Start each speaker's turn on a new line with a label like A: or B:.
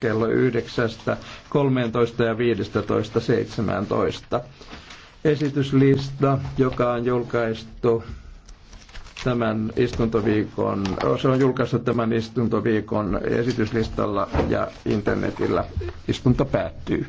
A: kello 9.13 ja 15.17. Esityslista, joka on julkaistu tämän istuntoviikon, se on julkaistu tämän istuntoviikon esityslistalla ja internetillä. Istunto päättyy.